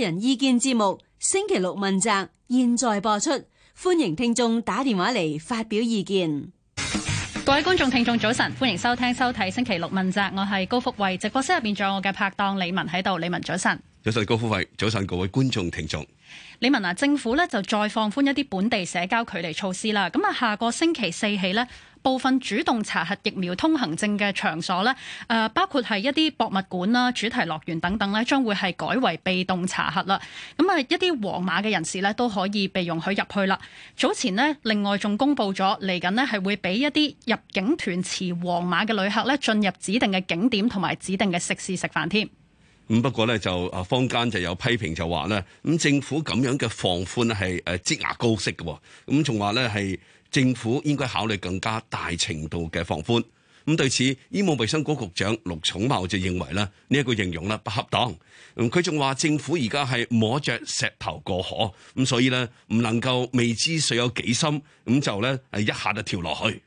人意見節目星期六問責，現在播出，歡迎聽眾打電話嚟發表意見。各位觀眾聽眾早晨，歡迎收聽收睇星期六問責，我係高福慧，直播室入面仲有我嘅拍檔李文喺度，李文早晨。早晨，高富慧，早晨各位觀眾聽眾。李文啊，政府咧就再放寬一啲本地社交距離措施啦。咁啊，下個星期四起咧，部分主動查核疫苗通行證嘅場所咧，誒，包括係一啲博物館啦、主題樂園等等咧，將會係改為被動查核啦。咁啊，一啲黃碼嘅人士咧都可以被容許入去啦。早前咧，另外仲公布咗，嚟緊咧係會俾一啲入境團持黃碼嘅旅客咧進入指定嘅景點同埋指定嘅食肆食飯添。咁不過咧就啊，坊間就有批評就話咧，咁政府咁樣嘅放寬咧係誒擠牙膏式嘅，咁仲話咧係政府應該考慮更加大程度嘅放寬。咁對此，醫務衞生局局長盧寵茂就認為咧呢一個形容咧不恰當，佢仲話政府而家係摸着石頭過河，咁所以咧唔能夠未知水有幾深，咁就咧一下就跳落去。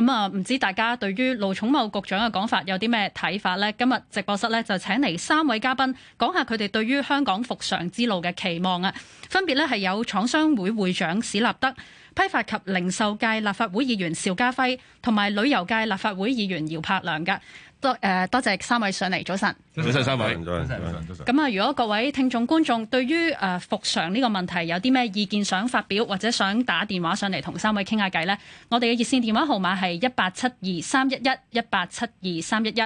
咁啊，唔、嗯、知大家對於盧寵茂局長嘅講法有啲咩睇法呢？今日直播室咧就請嚟三位嘉賓講下佢哋對於香港復常之路嘅期望啊，分別咧係有廠商會會長史立德。批發及零售界立法會議員邵家輝同埋旅遊界立法會議員姚柏良嘅多誒、呃、多謝三位上嚟，早晨，早晨三位，唔該，早晨，早晨。咁啊，如果各位聽眾觀眾對於誒復、呃、常呢個問題有啲咩意見想發表，或者想打電話上嚟同三位傾下偈呢？我哋嘅熱線電話號碼係一八七二三一一一八七二三一一。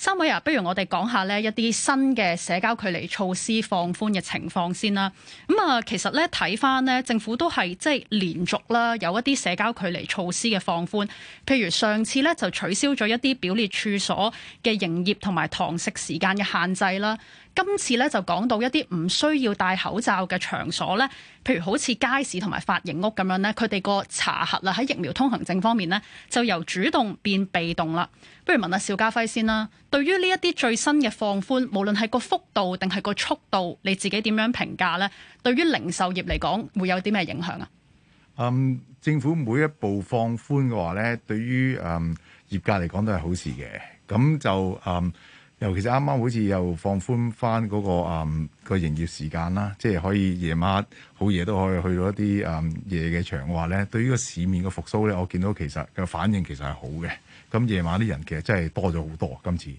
三位啊，不如我哋講下呢一啲新嘅社交距離措施放寬嘅情況先啦。咁啊，其實咧睇翻呢政府都係即係連續啦，有一啲社交距離措施嘅放寬。譬如上次咧就取消咗一啲表列處所嘅營業同埋堂食時間嘅限制啦。今次咧就講到一啲唔需要戴口罩嘅場所咧，譬如好似街市同埋髮型屋咁樣咧，佢哋個查核啦喺疫苗通行證方面咧，就由主動變被動啦。不如問阿邵家輝先啦。對於呢一啲最新嘅放寬，無論係個幅度定係個速度，你自己點樣評價呢？對於零售業嚟講，會有啲咩影響啊？嗯，政府每一步放寬嘅話呢，對於嗯業界嚟講都係好事嘅。咁就嗯，尤其是啱啱好似又放寬翻、那、嗰個嗯個營業時間啦，即係可以夜晚好夜都可以去到一啲嗯夜嘅場嘅話呢。對於個市面嘅復甦呢，我見到其實嘅反應其實係好嘅。咁夜晚啲人其實真係多咗好多，今次。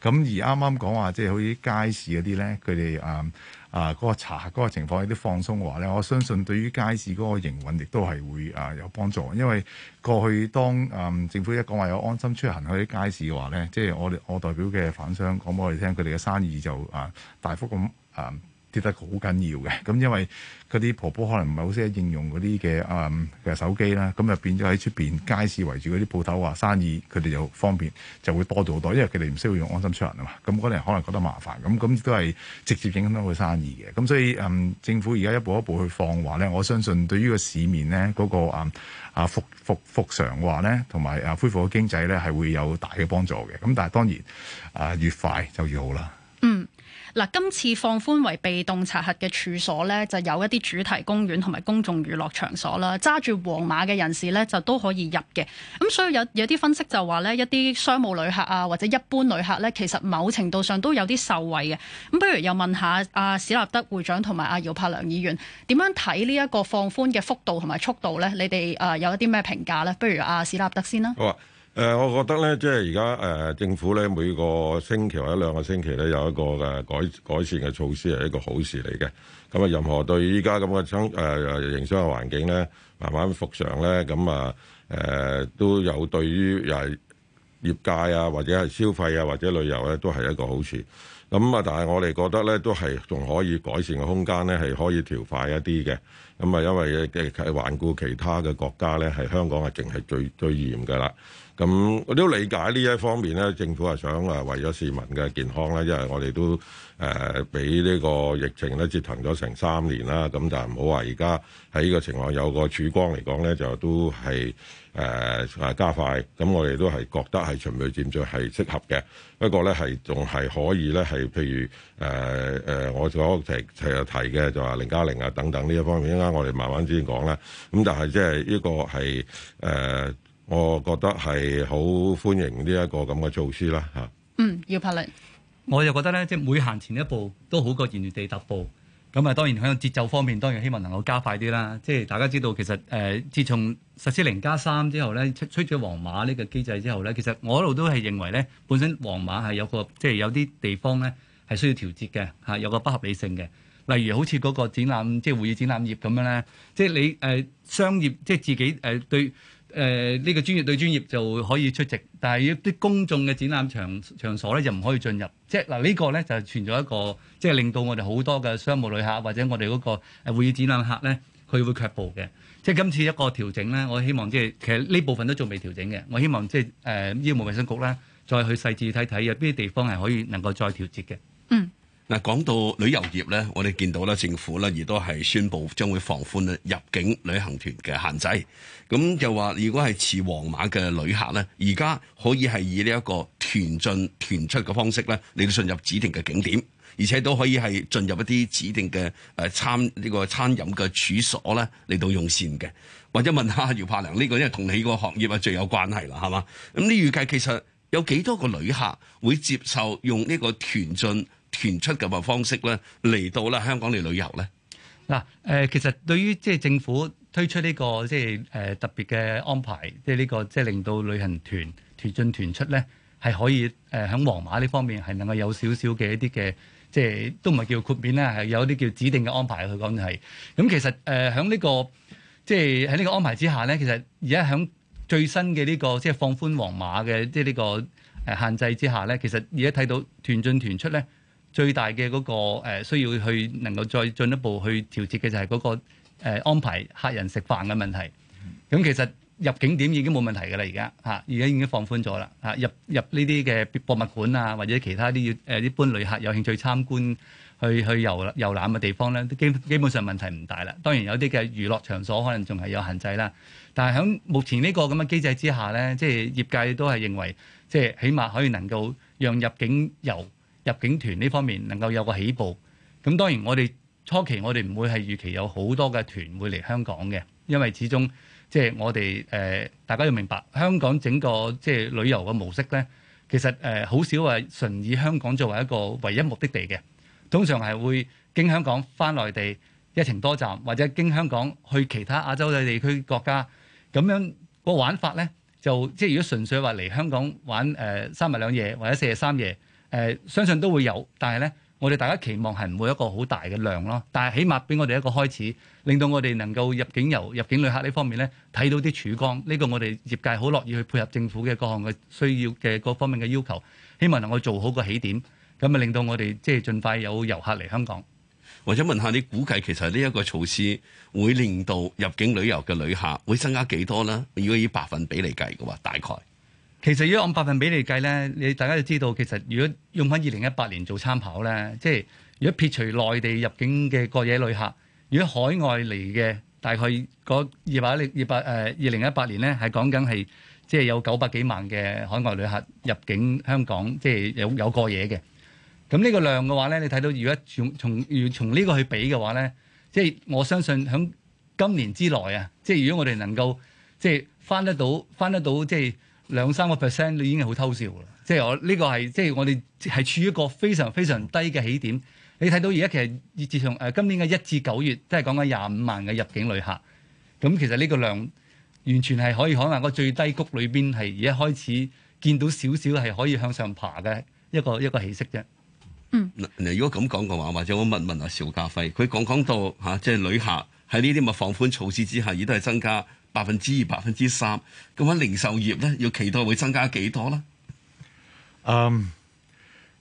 咁而啱啱講話，即係好似街市嗰啲咧，佢哋啊啊嗰個查嗰個情況有啲放鬆嘅話咧，我相信對於街市嗰個營運亦都係會啊有幫助，因為過去當啊政府一講話有安心出行去啲街市嘅話咧，即係我哋我代表嘅反商講俾我哋聽，佢哋嘅生意就啊大幅咁啊。跌得好緊要嘅，咁因為嗰啲婆婆可能唔係好識應用嗰啲嘅誒嘅手機啦，咁就變咗喺出邊街市圍住嗰啲鋪頭話生意，佢哋就方便就會多咗好多，因為佢哋唔需要用安心出行啊嘛，咁嗰啲人可能覺得麻煩，咁咁亦都係直接影響到個生意嘅，咁所以誒政府而家一步一步去放話咧，我相信對於個市面咧嗰個啊復復復常話咧，同埋啊恢復個經濟咧係會有大嘅幫助嘅，咁但係當然啊越快就越好啦，嗯。嗱，今次放寬為被動查核嘅處所咧，就有一啲主題公園同埋公眾娛樂場所啦。揸住黃碼嘅人士咧，就都可以入嘅。咁、嗯、所以有有啲分析就話咧，一啲商務旅客啊，或者一般旅客咧，其實某程度上都有啲受惠嘅。咁、嗯、不如又問下阿、啊、史立德會長同埋阿姚柏良議員，點樣睇呢一個放寬嘅幅度同埋速度咧？你哋誒、啊、有一啲咩評價咧？不如阿、啊、史立德先啦。誒，我覺得咧，即係而家誒政府咧，每個星期或者兩個星期咧，有一個誒改改善嘅措施係一個好事嚟嘅。咁啊，任何對依家咁嘅商誒營商嘅環境咧，慢慢復常咧，咁啊誒都有對於誒業界啊，或者係消費啊，或者旅遊咧，都係一個好事。咁啊，但係我哋覺得咧，都係仲可以改善嘅空間咧，係可以調快一啲嘅。咁啊，因為誒環顧其他嘅國家咧，係香港係淨係最最嚴㗎啦。咁我都理解呢一方面咧，政府係想啊，為咗市民嘅健康咧，因為我哋都誒俾呢個疫情咧折騰咗成三年啦。咁但係唔好話而家喺呢個情況有個曙光嚟講咧，就都係誒、呃、加快。咁我哋都係覺得係循序漸進係適合嘅。不過咧係仲係可以咧係譬如誒誒、呃、我所提提嘅，就話零加零啊等等呢一方面，一陣間我哋慢慢先講啦。咁但係即係呢個係誒。呃我覺得係好歡迎呢一個咁嘅措施啦，嚇。嗯，姚柏良，我又覺得咧，即係每行前一步都好過原地踏步。咁啊，當然喺節奏方面，當然希望能夠加快啲啦。即係大家知道，其實誒、呃，自從實施零加三之後咧，吹咗黃碼呢個機制之後咧，其實我一路都係認為咧，本身黃碼係有個即係有啲地方咧係需要調節嘅嚇，有個不合理性嘅。例如好似嗰個展覽，即係會議展覽業咁樣咧，即係你誒、呃、商業即係自己誒、呃、對。誒呢、呃這個專業對專業就可以出席，但係一啲公眾嘅展覽場場所咧就唔可以進入。即係嗱，呢、這個咧就存在一個，即係令到我哋好多嘅商務旅客或者我哋嗰個誒會議展覽客咧，佢會卻步嘅。即係今次一個調整咧，我希望即係其實呢部分都仲未調整嘅。我希望即係誒醫務衛生局啦，再去細緻睇睇有邊啲地方係可以能夠再調節嘅。嗯。嗱，講到旅遊業咧，我哋見到咧，政府咧亦都係宣布將會放寬入境旅行團嘅限制。咁就話，如果係持黃碼嘅旅客咧，而家可以係以呢一個團進團出嘅方式咧嚟到進入指定嘅景點，而且都可以係進入一啲指定嘅誒餐呢個餐飲嘅處所咧嚟到用膳嘅。或者問下姚柏良呢個，因為同你個行業啊最有關係啦，係嘛？咁你預計其實有幾多個旅客會接受用呢個團進團出嘅方式咧，嚟到啦香港嚟旅遊咧嗱。誒，其實對於即係政府推出呢個即係誒特別嘅安排，即係呢個即係令到旅行團團進團出咧，係可以誒喺黃碼呢方面係能夠有少少嘅一啲嘅，即係都唔係叫豁免啦，係有啲叫指定嘅安排。佢講就係咁，其實誒喺呢個即係喺呢個安排之下咧，其實而家喺最新嘅呢個即係放寬黃碼嘅即係呢個誒限制之下咧，其實而家睇到團進團出咧。最大嘅嗰個需要去能夠再進一步去調節嘅就係嗰個安排客人食飯嘅問題。咁其實入境點已經冇問題㗎啦，而家嚇，而家已經放寬咗啦。嚇入入呢啲嘅博物館啊，或者其他啲誒啲一般旅客有興趣參觀去去遊遊覽嘅地方咧，基基本上問題唔大啦。當然有啲嘅娛樂場所可能仲係有限制啦。但係喺目前呢個咁嘅機制之下咧，即係業界都係認為，即係起碼可以能夠讓入境遊。入境團呢方面能夠有個起步，咁當然我哋初期我哋唔會係預期有好多嘅團會嚟香港嘅，因為始終即係我哋、呃、大家要明白香港整個即係旅遊嘅模式呢，其實、呃、好少係純以香港作為一個唯一目的地嘅，通常係會經香港返內地一程多站，或者經香港去其他亞洲嘅地區國家，咁樣個玩法呢，就即係如果純粹話嚟香港玩、呃、三日兩夜或者四日三夜。誒、呃，相信都會有，但係呢，我哋大家期望係唔會一個好大嘅量咯。但係起碼俾我哋一個開始，令到我哋能夠入境遊、入境旅客呢方面呢，睇到啲曙光。呢、這個我哋業界好樂意去配合政府嘅各項嘅需要嘅各方面嘅要求，希望能夠做好個起點，咁啊令到我哋即係盡快有遊客嚟香港。我想問下你，估計其實呢一個措施會令到入境旅遊嘅旅客會增加幾多呢？如果以百分比嚟計嘅話，大概？其實如果按百分比嚟計咧，你大家就知道，其實如果用翻二零一八年做參考咧，即係如果撇除內地入境嘅過夜旅客，如果海外嚟嘅大概二百零二百，誒，二零一八年咧，係講緊係即係有九百幾萬嘅海外旅客入境香港，即係有有過夜嘅。咁呢個量嘅話咧，你睇到如果從從如從呢個去比嘅話咧，即係我相信響今年之內啊，即係如果我哋能夠即係翻得到翻得到即係。兩三個 percent 你已經係好偷笑嘅啦，即係我呢個係即係我哋係處於一個非常非常低嘅起點。你睇到而家其實自從誒今年嘅一至九月，即係講緊廿五萬嘅入境旅客，咁其實呢個量完全係可以可能個最低谷裏邊係而家開始見到少少係可以向上爬嘅一個一個起色啫。嗯。嗱如果咁講嘅話，或者我問問阿、啊、邵家輝，佢講講到嚇，即、啊、係、就係、旅客喺呢啲咁嘅放寬措施之下，亦都係增加。百分之二、百分之三，咁樣零售業咧，要期待會增加幾多啦？嗯、um,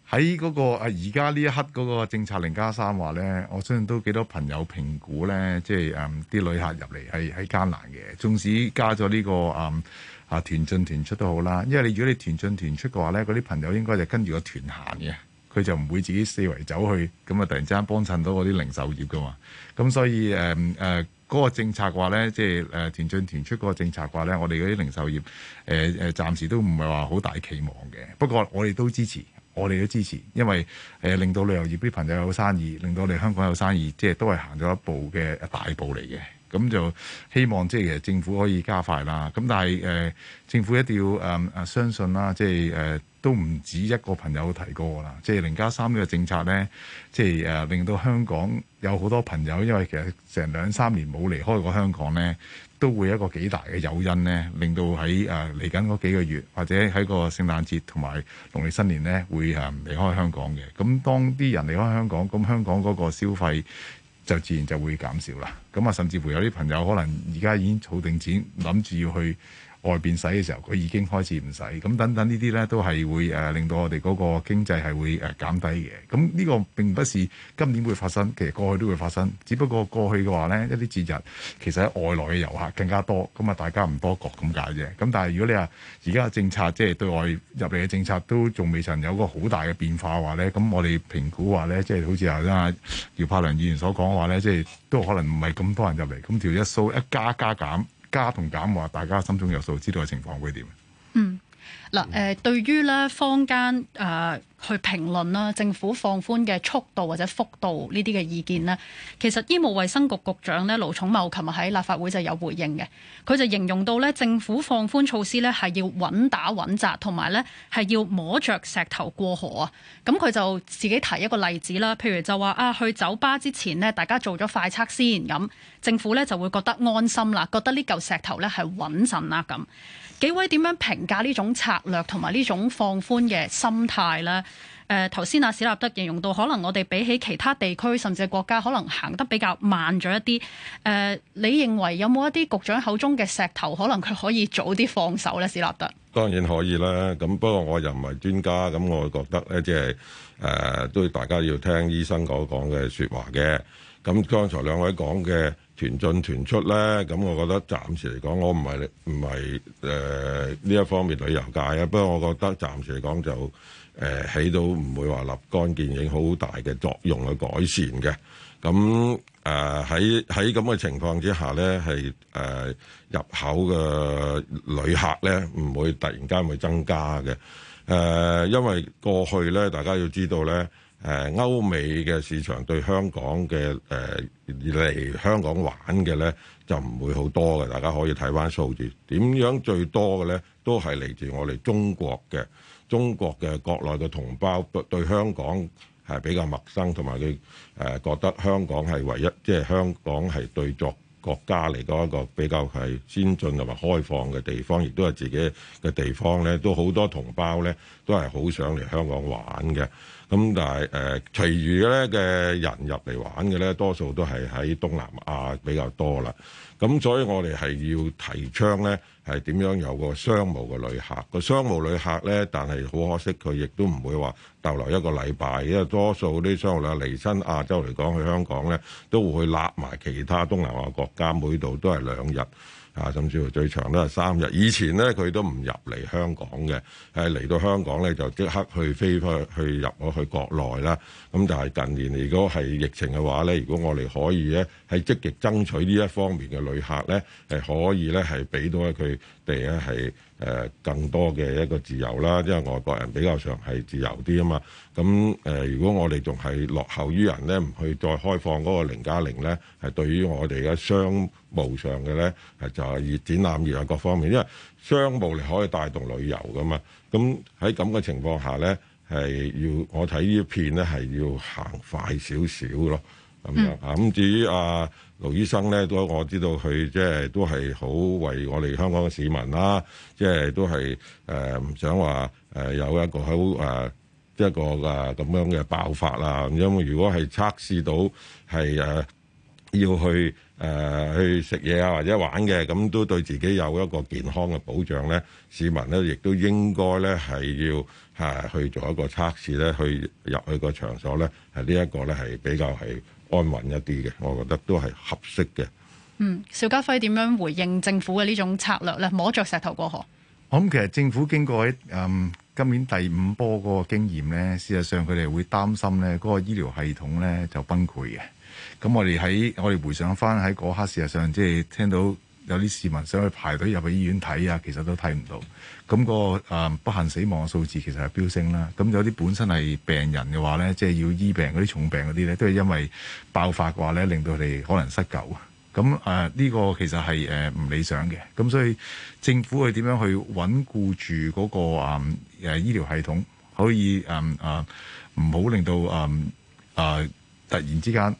嗰個，喺嗰個而家呢一刻嗰個政策零加三話咧，我相信都幾多朋友評估咧，即係誒啲旅客入嚟係係艱難嘅。縱使加咗呢、呢個誒、嗯、啊團進團出都好啦，因為你如果你團進團出嘅話咧，嗰啲朋友應該就跟住個團行嘅，佢就唔會自己四圍走去，咁啊突然之間幫襯到嗰啲零售業噶嘛。咁所以誒誒。嗯啊嗰個政策嘅話咧，即係誒團進團出嗰個政策嘅話咧，我哋嗰啲零售業誒誒，暫時都唔係話好大期望嘅。不過我哋都支持，我哋都支持，因為誒令到旅遊業啲朋友有生意，令到我哋香港有生意，即係都係行咗一步嘅大步嚟嘅。咁就希望即係其實政府可以加快啦。咁但係誒政府一定要誒誒相信啦，即係誒都唔止一個朋友提過啦。即係零加三呢個政策咧，即係誒令到香港。有好多朋友，因為其實成兩三年冇離開過香港呢，都會有一個幾大嘅誘因呢，令到喺誒嚟緊嗰幾個月，或者喺個聖誕節同埋農曆新年呢，會誒離開香港嘅。咁當啲人離開香港，咁香港嗰個消費就自然就會減少啦。咁啊，甚至乎有啲朋友可能而家已經儲定錢，諗住要去。外邊使嘅時候，佢已經開始唔使咁等等呢啲咧，都係會、呃、令到我哋嗰個經濟係會減、呃、減低嘅。咁呢個並不是今年會發生，其實過去都會發生。只不過過去嘅話咧，一啲節日其實喺外來嘅遊客更加多，咁啊大家唔多覺咁解啫。咁但係如果你話而家嘅政策即係、就是、對外入嚟嘅政策都仲未曾有個好大嘅變化話咧，咁我哋評估話咧，即、就、係、是、好似啊姚柏良議員所講嘅話咧，即、就、係、是、都可能唔係咁多人入嚟，咁條一數一加加減。加同減話，大家心中有數，知道嘅情況會點？嗯。嗱，誒、呃、對於咧坊間誒、呃、去評論啦，政府放寬嘅速度或者幅度呢啲嘅意見咧，其實醫務衛生局局長咧盧寵茂琴日喺立法會就有回應嘅，佢就形容到咧政府放寬措施咧係要穩打穩紮，同埋咧係要摸着石頭過河啊。咁佢就自己提一個例子啦，譬如就話啊去酒吧之前咧，大家做咗快測先咁，政府咧就會覺得安心啦，覺得呢嚿石頭咧係穩陣啦咁。幾位點樣評價呢種策略同埋呢種放寬嘅心態呢？誒、呃，頭先阿史立德形容到，可能我哋比起其他地區甚至國家，可能行得比較慢咗一啲。誒、呃，你認為有冇一啲局長口中嘅石頭，可能佢可以早啲放手呢？史立德？當然可以啦。咁不過我又唔係專家，咁我覺得咧，即係誒，都大家要聽醫生所講嘅説話嘅。咁剛才兩位講嘅。團進團出咧，咁我覺得暫時嚟講，我唔係唔係誒呢一方面旅遊界啊，不過我覺得暫時嚟講就誒、呃、起到唔會話立竿見影好大嘅作用去改善嘅。咁誒喺喺咁嘅情況之下咧，係誒、呃、入口嘅旅客咧唔會突然間會增加嘅。誒、呃、因為過去咧，大家要知道咧。誒歐美嘅市場對香港嘅誒嚟香港玩嘅呢，就唔會好多嘅。大家可以睇翻數字，點樣最多嘅呢？都係嚟自我哋中國嘅中國嘅國內嘅同胞對香港係比較陌生，同埋佢誒覺得香港係唯一即係、就是、香港係對作國家嚟講一個比較係先進同埋開放嘅地方，亦都係自己嘅地方呢都好多同胞呢，都係好想嚟香港玩嘅。咁但係誒，其餘咧嘅人入嚟玩嘅咧，多數都係喺東南亞比較多啦。咁所以我哋係要提倡咧，係點樣有個商務嘅旅客、個商務旅客咧？但係好可惜，佢亦都唔會話逗留一個禮拜，因為多數啲商務旅客嚟身亞洲嚟講去香港咧，都會去立埋其他東南亞國家，每度都係兩日。啊，甚至乎最長都係三日。以前咧，佢都唔入嚟香港嘅，係嚟到香港咧就即刻去飛翻去入咗去國內啦。咁但係近年，如果係疫情嘅話咧，如果我哋可以咧，係積極爭取呢一方面嘅旅客咧，係可以咧係俾到佢哋咧係誒更多嘅一個自由啦。因為外國人比較上係自由啲啊嘛。咁、呃、如果我哋仲係落後於人咧，唔去再開放嗰個零加零咧，係對於我哋嘅商無上嘅咧，係就係越展覽業係各方面，因為商務你可以帶動旅遊噶嘛。咁喺咁嘅情況下咧，係要我睇呢是要走快一片咧，係要行快少少咯。咁樣、嗯、啊，咁至於阿盧醫生咧，都我知道佢即係都係好為我哋香港嘅市民啦、啊，即、就、係、是、都係誒唔想話誒、呃、有一個好誒、啊、一個啊咁樣嘅爆發啦、啊。因為如果係測試到係誒。要去誒、呃、去食嘢啊，或者玩嘅咁，都對自己有一個健康嘅保障咧。市民咧，亦都應該咧係要誒、啊、去做一個測試咧，去入去一個場所咧，係、這個、呢一個咧係比較係安穩一啲嘅。我覺得都係合適嘅。嗯，邵家輝點樣回應政府嘅呢種策略咧？摸着石頭過河。我諗其實政府經過喺、嗯、今年第五波嗰個經驗咧，事實上佢哋會擔心咧，嗰個醫療系統咧就崩潰嘅。咁我哋喺我哋回想翻喺嗰刻，事實上即係聽到有啲市民想去排隊入去醫院睇啊，其實都睇唔到。咁個誒不幸死亡嘅數字其實係飆升啦。咁有啲本身係病人嘅話咧，即係要醫病嗰啲重病嗰啲咧，都係因為爆發嘅話咧，令到佢哋可能失救。咁誒呢個其實係誒唔理想嘅。咁所以政府係點樣去穩固住嗰個誒、嗯、醫療系統，可以誒誒唔好、嗯呃、令到、嗯呃、突然之間。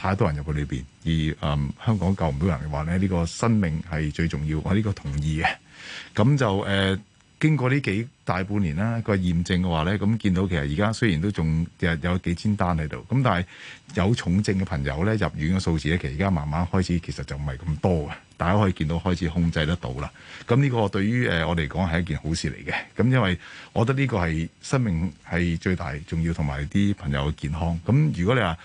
太多人入去裏邊，而誒、嗯、香港救唔到人嘅話咧，呢、呢個生命係最重要，我呢個同意嘅。咁就誒、呃、經過呢幾。大半年啦，個驗證嘅話咧，咁見到其實而家雖然都仲有有幾千單喺度，咁但係有重症嘅朋友咧入院嘅數字咧，其實而家慢慢開始其實就唔係咁多嘅，大家可以見到開始控制得到啦。咁呢個對於誒我哋嚟講係一件好事嚟嘅。咁因為我覺得呢個係生命係最大重要，同埋啲朋友嘅健康。咁如果你話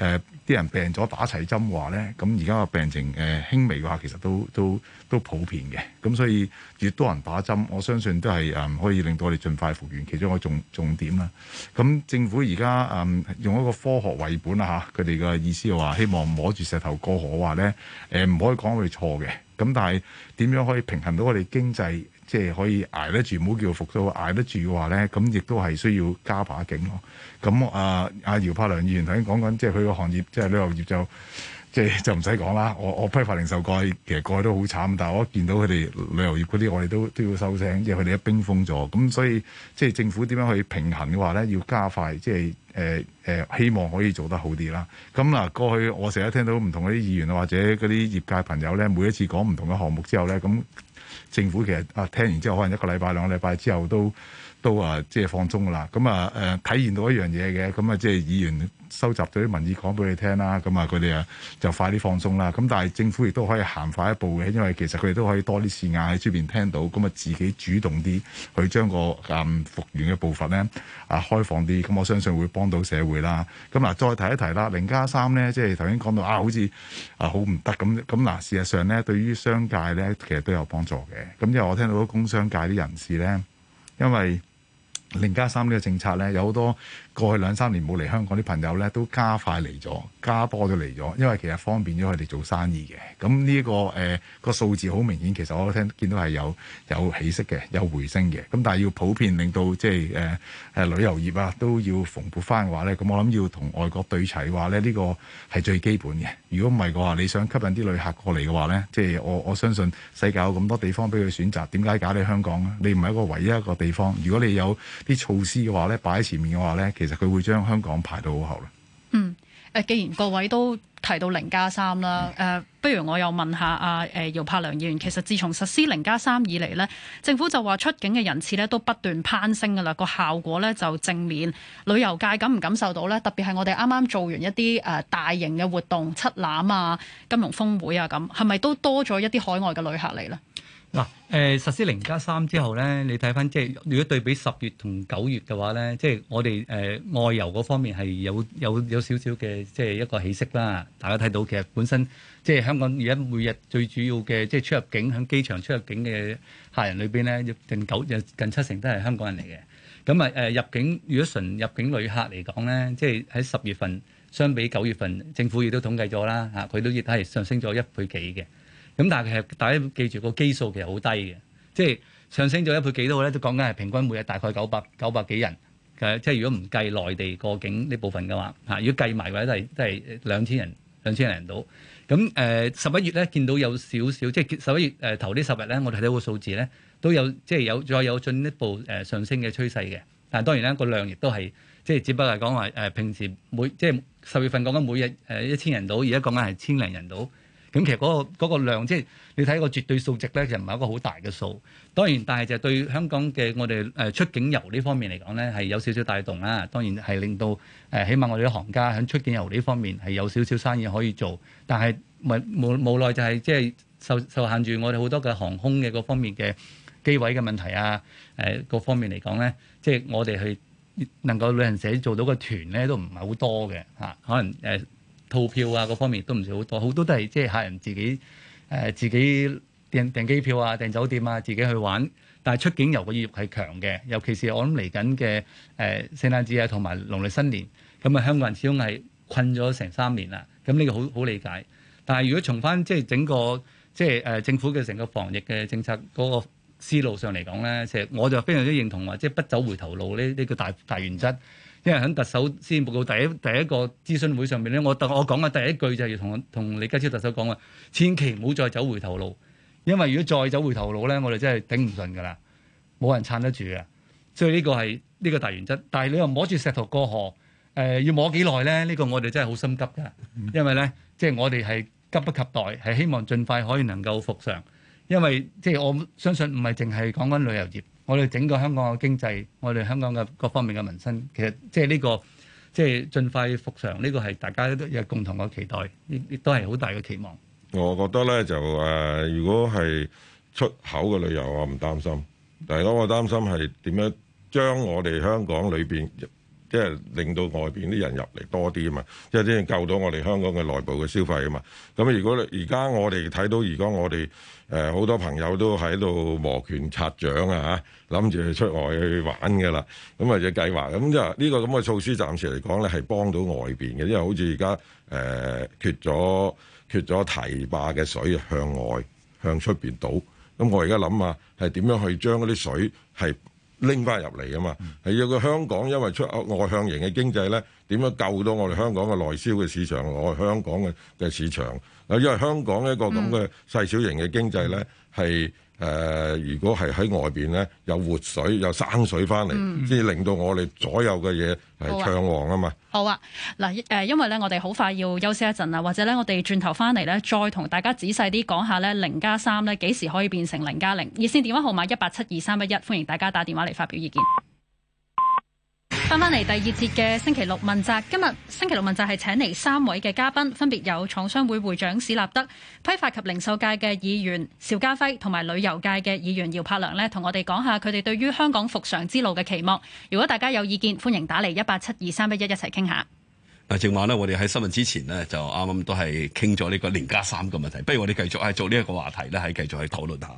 誒啲人病咗打齊針嘅話咧，咁而家個病情誒輕微嘅話，其實都都都普遍嘅。咁所以越多人打針，我相信都係誒可以令。令到我哋盡快復原，其中一個重重點啦。咁政府而家誒用一個科學為本啦嚇，佢哋嘅意思話希望摸住石頭過河話咧，誒唔可以講佢錯嘅。咁但係點樣可以平衡到我哋經濟，即係可以捱得住？唔好叫復甦，捱得住嘅話咧，咁亦都係需要加把勁咯。咁啊，阿姚柏良議員頭先講緊，即係佢個行業，即係旅遊業就。即係就唔使講啦，我我批發零售過去，其實過去都好慘。但係我一見到佢哋旅遊業嗰啲，我哋都都要收聲，即係佢哋一冰封咗。咁所以即係政府點樣可以平衡嘅話咧，要加快即係、呃、希望可以做得好啲啦。咁嗱過去我成日聽到唔同嗰啲議員或者嗰啲業界朋友咧，每一次講唔同嘅項目之後咧，咁政府其實啊聽完之後，可能一個禮拜兩個禮拜之後都都啊即係放鬆啦。咁啊誒、呃、體現到一樣嘢嘅，咁啊即係議員。收集咗啲民意講俾佢聽啦，咁啊佢哋啊就快啲放鬆啦。咁但係政府亦都可以行快一步嘅，因為其實佢哋都可以多啲視野喺出邊聽到，咁啊自己主動啲去將個嗯復原嘅步伐咧啊開放啲，咁我相信會幫到社會啦。咁嗱再提一提啦，零加三咧，3，即係頭先講到啊，好似啊好唔得咁。咁嗱，事實上咧，對於商界咧，其實都有幫助嘅。咁因為我聽到啲工商界啲人士咧，因為零加三呢個政策咧，有好多。過去兩三年冇嚟香港啲朋友咧，都加快嚟咗，加波都嚟咗，因為其實方便咗佢哋做生意嘅。咁呢個誒、呃、個數字好明顯，其實我都聽見到係有有起色嘅，有回升嘅。咁但係要普遍令到即係誒、呃、旅遊業啊都要蓬勃翻嘅話咧，咁我諗要同外國對齊嘅話咧，呢個係最基本嘅。如果唔係嘅話，你想吸引啲旅客過嚟嘅話咧，即係我我相信世界有咁多地方俾佢選擇，點解搞你香港啊？你唔係一個唯一一個地方。如果你有啲措施嘅話咧，擺喺前面嘅話咧，其實佢會將香港排到好後啦，嗯、啊，既然各位都提到零加三啦，不如我又問下阿、啊、誒、啊、姚柏良議員，其實自從實施零加三以嚟呢，政府就話出境嘅人次都不斷攀升㗎喇，個效果呢，就正面，旅遊界感唔感受到呢？特別係我哋啱啱做完一啲大型嘅活動，七欖啊、金融峰會啊咁，係咪都多咗一啲海外嘅旅客嚟呢？嗱，誒實施零加三之後咧，你睇翻即係如果對比十月同九月嘅話咧，即係我哋誒外遊嗰方面係有有有少少嘅即係一個起色啦。大家睇到其實本身即係香港而家每日最主要嘅即係出入境喺機場出入境嘅客人裏邊咧，近九近七成都係香港人嚟嘅。咁啊誒入境，如果純入境旅客嚟講咧，即係喺十月份相比九月份，政府亦都統計咗啦，嚇佢都亦係上升咗一倍幾嘅。咁但係其實大家記住個基數其實好低嘅，即係上升咗一倍幾多咧，都講緊係平均每日大概九百九百幾人，誒，即係如果唔計內地過境呢部分嘅話，嚇，如果計埋嘅話都係都係兩千人、兩千零人度。咁誒十一月咧見到有少少，即係十一月誒頭呢十日咧，我哋睇到個數字咧都有即係有再有進一步誒上升嘅趨勢嘅。但係當然咧個量亦都係即係只不過係講話誒平時每即係十月份講緊每日誒一千人度，而家講緊係千零人度。咁其實嗰個嗰個量，即係你睇個絕對數值咧，其實唔係一個好大嘅數。當然，但係就對香港嘅我哋誒出境遊呢方面嚟講咧，係有少少帶動啦。當然係令到誒、呃，起碼我哋啲行家喺出境遊呢方面係有少少生意可以做。但係無無無奈就係、是、即係受受限住我哋好多嘅航空嘅嗰方面嘅機位嘅問題啊，誒、呃、各方面嚟講咧，即係我哋去能夠旅行社做到嘅團咧，都唔係好多嘅嚇，可能誒。呃套票啊，各方面都唔少好多，好多都係即係客人自己誒、呃、自己訂訂機票啊、訂酒店啊，自己去玩。但係出境遊嘅意欲係強嘅，尤其是我諗嚟緊嘅誒聖誕節啊，同埋農曆新年，咁啊香港人始終係困咗成三年啦，咁呢個好好理解。但係如果從翻即係整個即係誒政府嘅成個防疫嘅政策嗰個思路上嚟講咧，其、就、實、是、我就非常之認同話即係不走回頭路呢呢、呢個呢個大大原則。因為喺特首施政報告第一第一個諮詢會上面，咧，我我講嘅第一句就係要同同李家超特首講話，千祈唔好再走回頭路，因為如果再走回頭路咧，我哋真係頂唔順㗎啦，冇人撐得住嘅，所以呢個係呢個大原則。但係你又摸住石頭過河，誒要摸幾耐咧？呢個我哋真係好心急㗎，因為咧，即係我哋係急不及待，係希望盡快可以能夠復常，因為即係我相信唔係淨係講緊旅遊業。我哋整個香港嘅經濟，我哋香港嘅各方面嘅民生，其實即係呢個即係盡快復常，呢個係大家都有共同嘅期待，亦亦都係好大嘅期望。我覺得咧就誒，如果係出口嘅旅遊，我唔擔心，但係咧我擔心係點樣將我哋香港裏邊。即係令到外邊啲人入嚟多啲啊嘛，即係啲人救到我哋香港嘅內部嘅消費啊嘛。咁如果你而家我哋睇到現在們，而家我哋誒好多朋友都喺度摩拳擦掌啊嚇，諗住去出外去玩嘅啦，咁啊只計劃，咁就呢、這個咁嘅、這個、措施暫來講，暫時嚟講咧係幫到外邊嘅，因為好似而家誒缺咗缺咗堤壩嘅水向外向出邊倒，咁我而家諗下係點樣去將嗰啲水係？拎翻入嚟啊嘛，係要個香港因為出外向型嘅經濟咧，點樣救到我哋香港嘅內銷嘅市場，我哋香港嘅嘅市場？啊，因為香港一個咁嘅細小型嘅經濟咧，係。誒、呃，如果係喺外邊呢，有活水有生水翻嚟，嗯、即係令到我哋所有嘅嘢係暢旺啊嘛。好啊，嗱嘛，誒、啊，因為呢，我哋好快要休息一陣啦，或者呢，我哋轉頭翻嚟呢，再同大家仔細啲講下呢。零加三呢，幾時可以變成零加零？熱線電話號碼一八七二三一一，歡迎大家打電話嚟發表意見。翻翻嚟第二節嘅星期六問責，今日星期六問責係請嚟三位嘅嘉賓，分別有廠商會會長史立德、批發及零售界嘅議員邵家輝，同埋旅遊界嘅議員姚柏良呢，同我哋講下佢哋對於香港復常之路嘅期望。如果大家有意見，歡迎打嚟一八七二三一一，一齊傾下。正話咧，我哋喺新聞之前咧，就啱啱都係傾咗呢個零加三嘅問題。不如我哋繼續係做呢一個話題咧，喺繼續去討論下。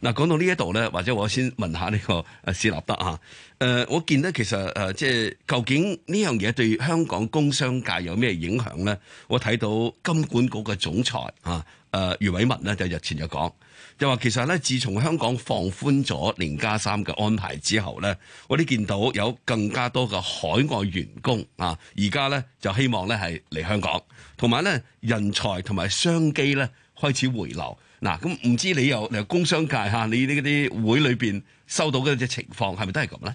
嗱，講到呢一度咧，或者我先問下呢個史立德啊。誒，我見咧其實誒，即、啊、係究竟呢樣嘢對香港工商界有咩影響咧？我睇到金管局嘅總裁啊，誒、呃，余偉文呢，就日前就講。又話其實咧，自從香港放寬咗年加三嘅安排之後咧，我哋見到有更加多嘅海外員工啊，而家咧就希望咧係嚟香港，同埋咧人才同埋商機咧開始回流嗱。咁唔知你又你工商界嚇，你呢嗰啲會裏邊收到嘅只情況係咪都係咁咧？誒、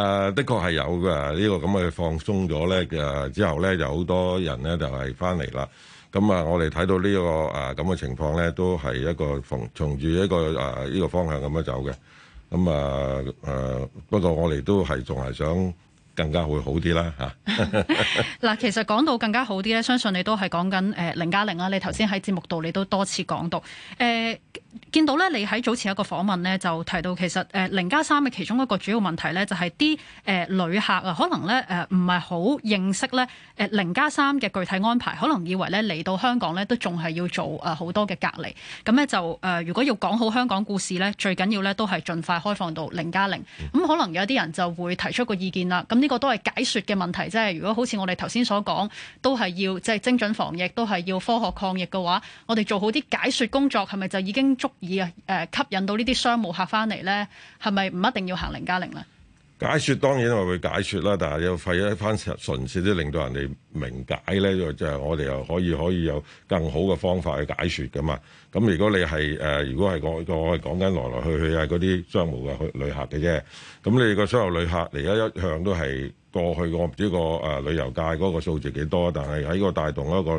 呃，的確係有嘅，呢、呢個咁嘅放鬆咗咧嘅之後咧，有好多人咧就係翻嚟啦。咁、這個、啊，我哋睇到呢個啊咁嘅情況咧，都係一個從從住一個呢、啊這個方向咁樣走嘅。咁啊，啊，啊不過我哋都係仲係想更加會好啲啦吓嗱，啊、 其實講到更加好啲咧，相信你都係講緊誒零加零啦。你頭先喺節目度你都多次講到、呃見到咧，你喺早前一個訪問咧，就提到其實誒零加三嘅其中一個主要問題咧，就係啲誒旅客啊，可能咧誒唔係好認識咧誒零加三嘅具體安排，可能以為咧嚟到香港咧都仲係要做誒好、呃、多嘅隔離。咁咧就誒、呃、如果要講好香港故事咧，最緊要咧都係盡快開放到零加零。咁可能有啲人就會提出個意見啦。咁呢個都係解説嘅問題，即係如果好似我哋頭先所講，都係要即係、就係、精準防疫，都係要科學抗疫嘅話，我哋做好啲解説工作，係咪就已經？足以啊誒吸引到呢啲商務客翻嚟咧，係咪唔一定要行零加零咧？解説當然係會解説啦，但係要費一番唇舌都令到人哋明解咧，就即係我哋又可以可以有更好嘅方法去解説噶嘛。咁如果你係誒，如果係我我講緊來來去去係嗰啲商務嘅去旅客嘅啫。咁你個商務旅客嚟緊一向都係過去我唔知個呢個誒旅遊界嗰個數字幾多，但係喺個帶動一個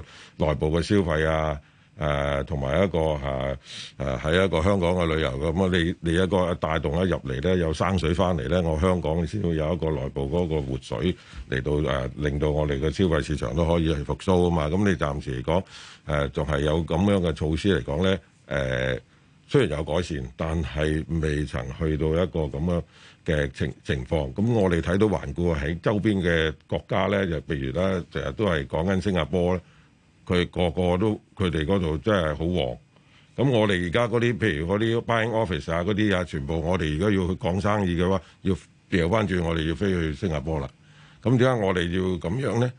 內部嘅消費啊。誒同埋一個誒喺、呃呃呃、一個香港嘅旅遊咁啊，你你一個帶動一入嚟咧，有生水翻嚟咧，我香港先會有一個內部嗰個活水嚟到、呃、令到我哋嘅消費市場都可以係復甦啊嘛。咁你暫時嚟講誒，仲、呃、係有咁樣嘅措施嚟講咧，誒、呃、雖然有改善，但係未曾去到一個咁樣嘅情情況。咁我哋睇到環顧喺周邊嘅國家咧，就譬如咧，成日都係講緊新加坡咧。佢個個都，佢哋嗰度真係好旺，咁我哋而家嗰啲譬如嗰啲 buying office 啊嗰啲嘢，全部我哋而家要去講生意嘅話，要掉翻轉，我哋要飛去新加坡啦。咁點解我哋要咁樣咧？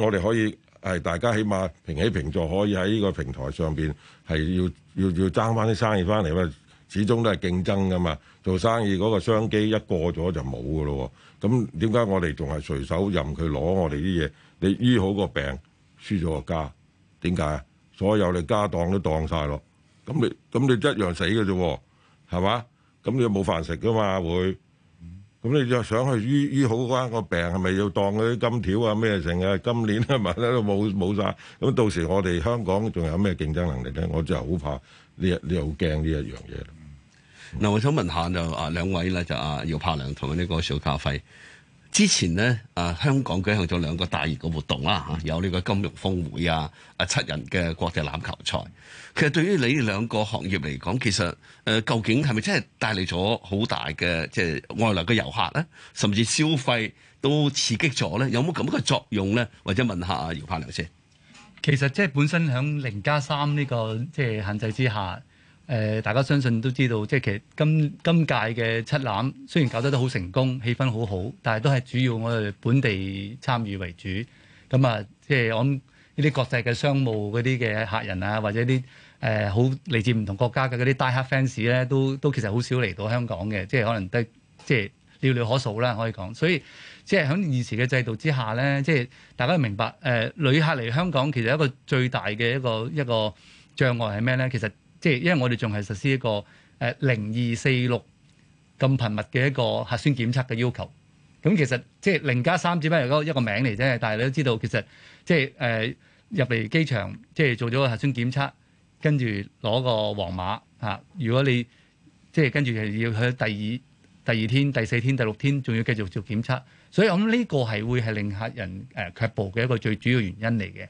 我哋可以係大家起碼平起平坐，可以喺呢個平台上邊係要要要爭翻啲生意翻嚟嘛？始終都係競爭噶嘛，做生意嗰個商機一過咗就冇噶咯喎。咁點解我哋仲係隨手任佢攞我哋啲嘢？你醫好個病。輸咗個家，點解啊？所有你家當都當晒咯，咁你咁你一樣死嘅啫，係嘛？咁你又冇飯食嘅嘛會，咁你又想去醫醫好翻個病，係咪要當嗰啲金條啊咩成啊？今年啊嘛，喺度冇冇曬，咁到時我哋香港仲有咩競爭能力咧？我真係好怕呢一呢個驚呢一樣嘢嗱，我想問下就啊兩位咧就啊、是、姚柏良同呢個小咖啡。之前咧，啊香港舉行咗兩個大型嘅活動啦，有呢個金融峰會啊，啊七人嘅國際欖球賽。其實對於你哋兩個行業嚟講，其實誒、呃、究竟係咪真係帶嚟咗好大嘅即係外來嘅遊客咧，甚至消費都刺激咗咧？有冇咁嘅作用咧？或者問下阿姚柏良先。其實即係本身喺零加三呢個即係限制之下。誒、呃，大家相信都知道，即係其實今今屆嘅七攬雖然搞得都好成功，氣氛好好，但係都係主要我哋本地參與為主。咁啊，即係我諗呢啲國際嘅商務嗰啲嘅客人啊，或者啲誒好嚟自唔同國家嘅嗰啲 Die Hard fans 咧，都都其實好少嚟到香港嘅，即係可能得即係寥寥可數啦，可以講。所以即係喺現時嘅制度之下咧，即係大家都明白誒、呃，旅客嚟香港其實一個最大嘅一個一個障礙係咩咧？其實。即係因為我哋仲係實施一個誒零二四六咁頻密嘅一個核酸檢測嘅要求，咁其實即係零加三只不過係一個一個名嚟啫。但係你都知道，其實即係誒入嚟機場即係、就是、做咗個核酸檢測，跟住攞個黃碼吓。如果你即係跟住又要去第二、第二天、第四天、第六天，仲要繼續做檢測，所以我諗呢個係會係令客人誒卻步嘅一個最主要原因嚟嘅。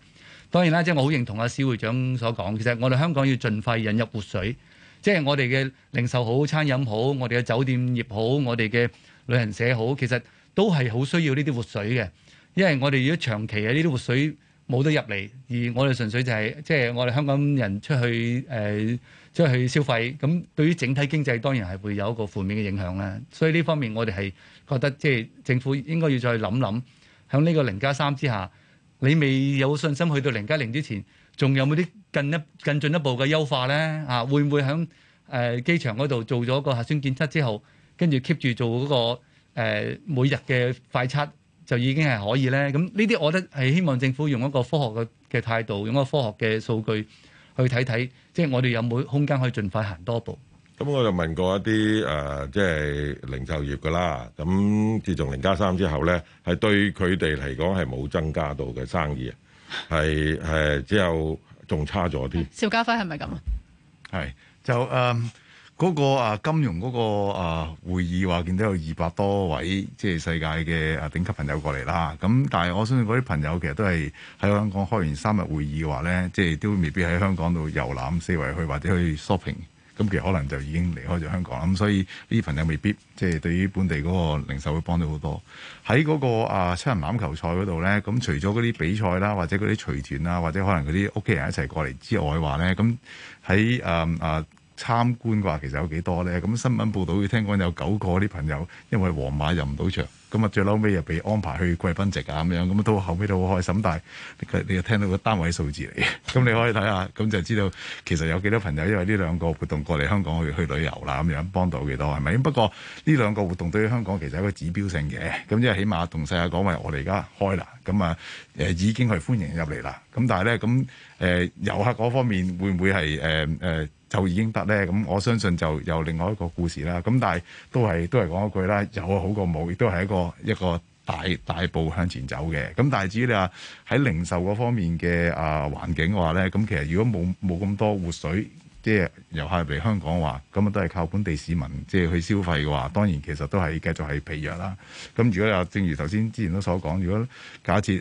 當然啦，即係我好認同阿史會長所講，其實我哋香港要盡快引入活水，即、就、係、是、我哋嘅零售好、餐飲好、我哋嘅酒店業好、我哋嘅旅行社好，其實都係好需要呢啲活水嘅，因為我哋如果長期嘅呢啲活水冇得入嚟，而我哋純粹就係即係我哋香港人出去、呃、出去消費，咁對於整體經濟當然係會有一個負面嘅影響啦。所以呢方面，我哋係覺得即係、就是、政府應該要再諗諗，喺呢個零加三之下。你未有信心去到零加零之前，仲有冇啲更一更進一步嘅優化咧？啊，會唔會響誒、呃、機場度做咗個核酸檢測之後，跟住 keep 住做嗰，那個誒、呃、每日嘅快測就已經係可以咧？咁呢啲，我覺得係希望政府用一個科學嘅嘅態度，用一個科學嘅數據去睇睇，即、就、係、是、我哋有冇空間可以盡快行多步。咁我就問過一啲誒，即、呃、係、就是、零售業嘅啦。咁自從零加三之後咧，係對佢哋嚟講係冇增加到嘅生意，係係只有仲差咗啲、嗯。邵家輝係咪咁啊？係就誒嗰、嗯那個啊金融嗰、那個啊、呃、會議話見到有二百多位即係、就是、世界嘅啊頂級朋友過嚟啦。咁但係我相信嗰啲朋友其實都係喺香港開完三日會議嘅話咧，即、就、係、是、都未必喺香港度遊覽四圍去或者去 shopping。咁其實可能就已經離開咗香港啦，咁所以呢啲朋友未必即係、就是、對於本地嗰個零售會幫到好多。喺嗰、那個啊七人欖球賽嗰度咧，咁除咗嗰啲比賽啦，或者嗰啲隨團啊，或者可能嗰啲屋企人一齊過嚟之外話咧，咁喺啊啊參觀嘅話其實有幾多咧？咁新聞報導要聽講有九個嗰啲朋友因為皇馬入唔到場，咁啊，最嬲尾又俾安排去貴賓席啊，咁樣，咁都後尾都好開心。但係你又聽到個單位數字嚟嘅，咁你可以睇下，咁就知道其實有幾多朋友因為呢兩個活動過嚟香港去去旅遊啦，咁樣幫到幾多係咪？不過呢兩個活動對於香港其實係一個指標性嘅，咁即係起碼同世界講話，我哋而家開啦，咁啊已經係歡迎入嚟啦。咁但係咧咁誒遊客嗰方面會唔會係就已經得咧，咁我相信就又另外一個故事啦。咁但係都係都係講一句啦，有好過冇，亦都係一個一個大大步向前走嘅。咁但係至於你話喺零售嗰方面嘅啊環境嘅話咧，咁其實如果冇冇咁多活水，即係遊客嚟香港話，咁啊都係靠本地市民即係去消費嘅話，當然其實都係繼續係疲弱啦。咁如果啊，正如頭先之前都所講，如果假設誒誒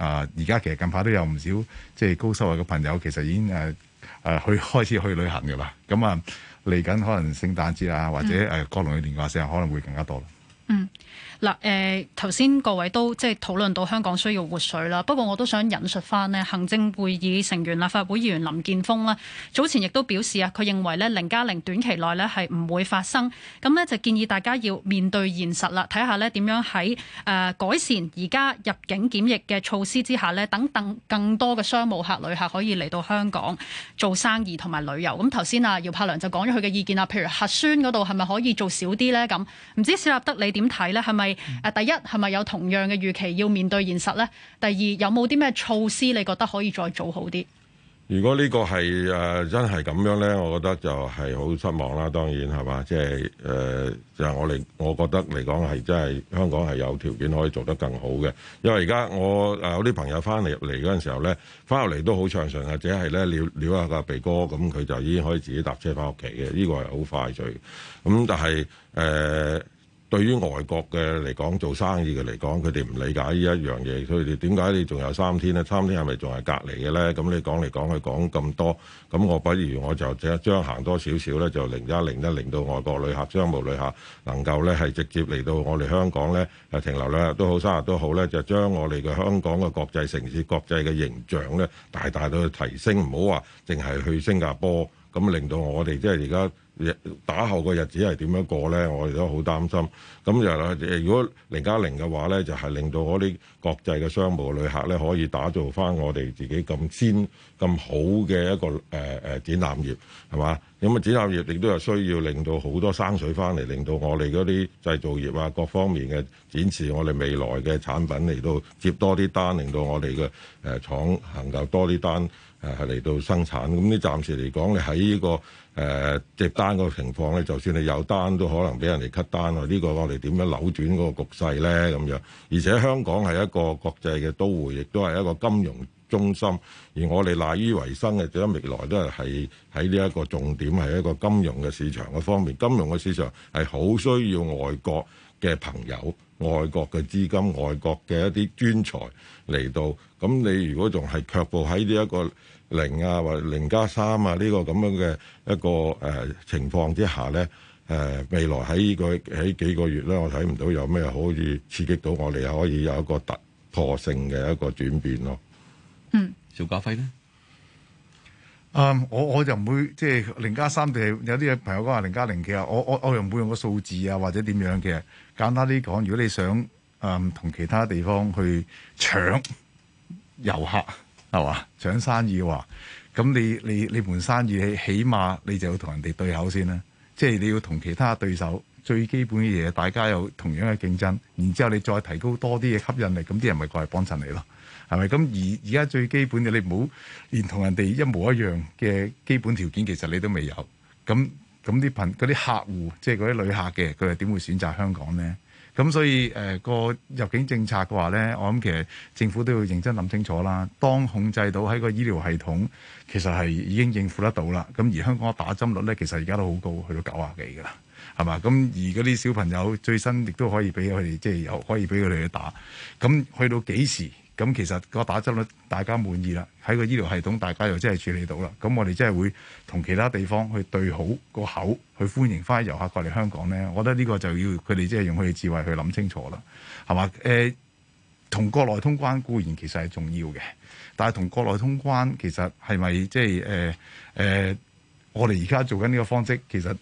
而家其實近排都有唔少即係高收入嘅朋友，其實已經、啊誒去開始去旅行㗎啦，咁啊嚟緊可能聖誕節啊，或者誒、嗯、各類嘅年華時，可能會更加多啦。嗯。嗱，誒頭先各位都即係討論到香港需要活水啦，不過我都想引述翻咧行政會議成員立法會議員林建峰啦，早前亦都表示啊，佢認為咧零加零短期內咧係唔會發生，咁咧就建議大家要面對現實啦，睇下咧點樣喺誒改善而家入境檢疫嘅措施之下咧，等等更多嘅商務客旅客可以嚟到香港做生意同埋旅遊，咁頭先啊，姚柏良就講咗佢嘅意見啦，譬如核酸嗰度係咪可以做少啲咧？咁唔知史立德你點睇咧？係咪？誒、嗯、第一係咪有同樣嘅預期要面對現實咧？第二有冇啲咩措施你覺得可以再做好啲？如果呢個、呃、這呢個係誒真係咁樣咧，我覺得就係好失望啦。當然係嘛，即係誒就係、係呃就係、我哋，我覺得嚟講係真係香港係有條件可以做得更好嘅。因為而家我有啲朋友翻嚟入嚟嗰陣時候咧，翻入嚟都好暢順或者係咧撩撩下個鼻哥，咁佢就已經可以自己搭車翻屋企嘅。呢、呢個係好快脆。咁但係誒。呃對於外國嘅嚟講，做生意嘅嚟講，佢哋唔理解呢一樣嘢，所以點解你仲有三天呢？三天係咪仲係隔離嘅呢？咁你講嚟講去講咁多，咁我不如我就即係將行多少少咧，就零一零一令到外國旅客、商務旅客能夠咧係直接嚟到我哋香港咧，係停留兩日都好，三日都好咧，就將我哋嘅香港嘅國際城市、國際嘅形象咧，大大都去提升。唔好話淨係去新加坡，咁令到我哋即係而家。打後嘅日子係點樣過咧？我哋都好擔心。咁啦，如果零加零嘅話咧，就係令到嗰啲國際嘅商務旅客咧，可以打造翻我哋自己咁先咁好嘅一個、呃、展覽業，係嘛？咁啊展覽業亦都需要令到好多生水翻嚟，令到我哋嗰啲製造業啊各方面嘅展示我哋未來嘅產品嚟到接多啲單，令到我哋嘅誒廠能夠多啲單。係嚟到生產，咁你暫時嚟講，你喺呢、這個誒、呃、接單個情況咧，就算你有單，都可能俾人哋 cut 單喎。呢個我哋點樣扭轉嗰個局勢咧？咁樣，而且香港係一個國際嘅都會，亦都係一個金融中心，而我哋賴於為生嘅，就未來都係喺呢一個重點係一個金融嘅市場嘅方面。金融嘅市場係好需要外國嘅朋友、外國嘅資金、外國嘅一啲專才嚟到。咁你如果仲係卻步喺呢一個？零啊，或者零加三啊，呢、這個咁樣嘅一個誒、呃、情況之下咧，誒、呃、未來喺呢個喺幾個月咧，我睇唔到有咩可以刺激到我哋，可以有一個突破性嘅一個轉變咯。嗯，邵家輝咧，誒、um,，我我就唔會即係、就是、零加三定係有啲嘢朋友講話零加零嘅，我我我又唔會用個數字啊或者點樣嘅，其實簡單啲講，如果你想誒同、嗯、其他地方去搶遊客。係嘛，搶生意話，咁你你你盤生意，你起碼你就要同人哋對口先啦。即係你要同其他對手最基本嘅嘢，大家有同樣嘅競爭，然之後你再提高多啲嘅吸引力，咁啲人咪過嚟幫襯你咯。係咪？咁而而家最基本嘅，你唔好連同人哋一模一樣嘅基本條件，其實你都未有。咁咁啲朋啲客戶，即係嗰啲旅客嘅，佢係點會選擇香港咧？咁所以誒、呃那個入境政策嘅話咧，我諗其實政府都要認真諗清楚啦。當控制到喺個醫療系統，其實係已經應付得到啦。咁而香港嘅打針率咧，其實而家都好高，去到九啊幾㗎啦，係嘛？咁而嗰啲小朋友最新亦都可以俾佢哋即係又可以俾佢哋去打。咁去到幾時？咁其實個打針率大家滿意啦，喺個醫療系統大家又真係處理到啦。咁我哋真係會同其他地方去對好個口，去歡迎翻啲遊客過嚟香港咧。我覺得呢個就要佢哋即係用佢哋智慧去諗清楚啦，係嘛？誒、欸，同國內通關固然其實係重要嘅，但係同國內通關其實係咪即係誒誒？我哋而家做緊呢個方式，其實誒、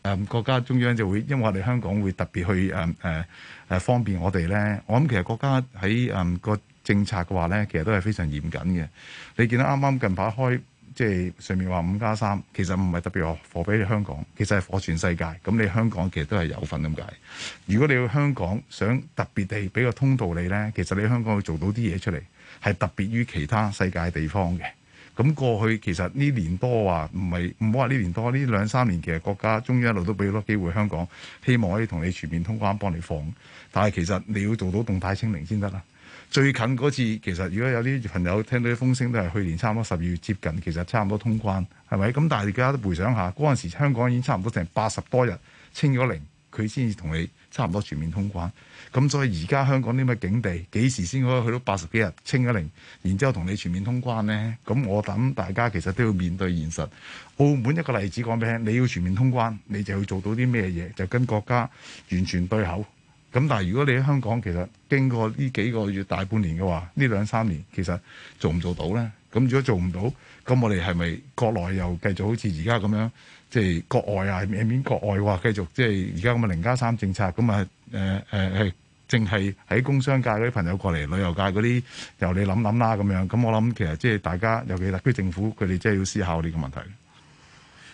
嗯、國家中央就會因為我哋香港會特別去誒誒誒方便我哋咧。我諗其實國家喺誒個。嗯政策嘅話咧，其實都係非常嚴謹嘅。你見到啱啱近排開，即係上面話五加三，3，其實唔係特別話放俾你香港，其實係放全世界。咁你香港其實都係有份咁解。如果你去香港想特別地俾個通道你咧，其實你香港要做到啲嘢出嚟，係特別於其他世界的地方嘅。咁過去其實呢年多話唔係唔好話呢年多，呢兩三年其實國家中央一路都俾多機會香港，希望可以同你全面通關幫你放。但係其實你要做到動態清零先得啦。最近嗰次其實，如果有啲朋友聽到啲風聲，都係去年差唔多十二月接近，其實差唔多通關，係咪？咁但大家都回想下，嗰陣時香港已經差唔多成八十多日清咗零，佢先至同你差唔多全面通關。咁所以而家香港啲咩境地，幾時先可以去到八十幾日清咗零，然之後同你全面通關呢？咁我諗大家其實都要面對現實。澳門一個例子講俾你聽，你要全面通關，你就要做到啲咩嘢？就跟國家完全對口。咁但係如果你喺香港，其實經過呢幾個月大半年嘅話，呢兩三年其實做唔做到咧？咁如果做唔到，咁我哋係咪國內又繼續好似而家咁樣，即係國外啊，免免國外話繼續即係而家咁嘅零加三政策咁啊？誒誒誒，正係喺工商界嗰啲朋友過嚟，旅遊界嗰啲由你諗諗啦咁樣。咁我諗其實即係大家，尤其特區政府，佢哋即係要思考呢個問題。